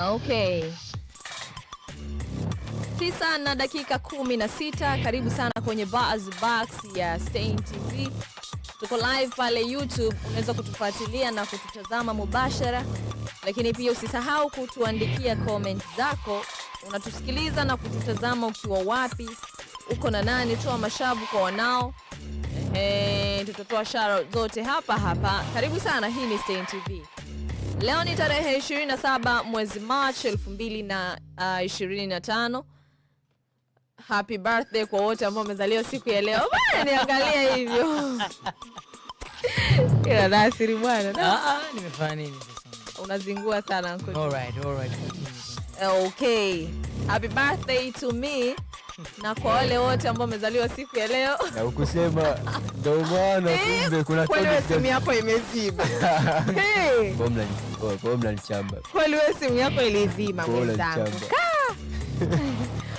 Okay. Tisa na dakika kumi na sita. Karibu sana kwenye Buzz Box ya Stein TV. Tuko live pale YouTube, unaweza kutufuatilia na kututazama mubashara, lakini pia usisahau kutuandikia comment zako. Unatusikiliza na kututazama ukiwa wapi, uko na nani? Toa mashabu kwa wanao e, tutatoa out zote hapa hapa. Karibu sana, hii ni Stein TV. Leo ni tarehe 27 mwezi Machi 2025. Uh, Happy birthday kwa wote ambao wamezaliwa siku ya leo. Bwana niangalia hivyo. Ila nasiri bwana. Ah ah, nimefanya nini sasa? Unazingua sana. All right, all right. Okay. Happy birthday to me na kwa wale wote ambao wamezaliwa siku ya leo na ukusema ndio maana eh, kumbe kuna kweli wewe simu yako imeziba eh. bomla ni chamba kweli wewe simu yako ilizima mwenzangu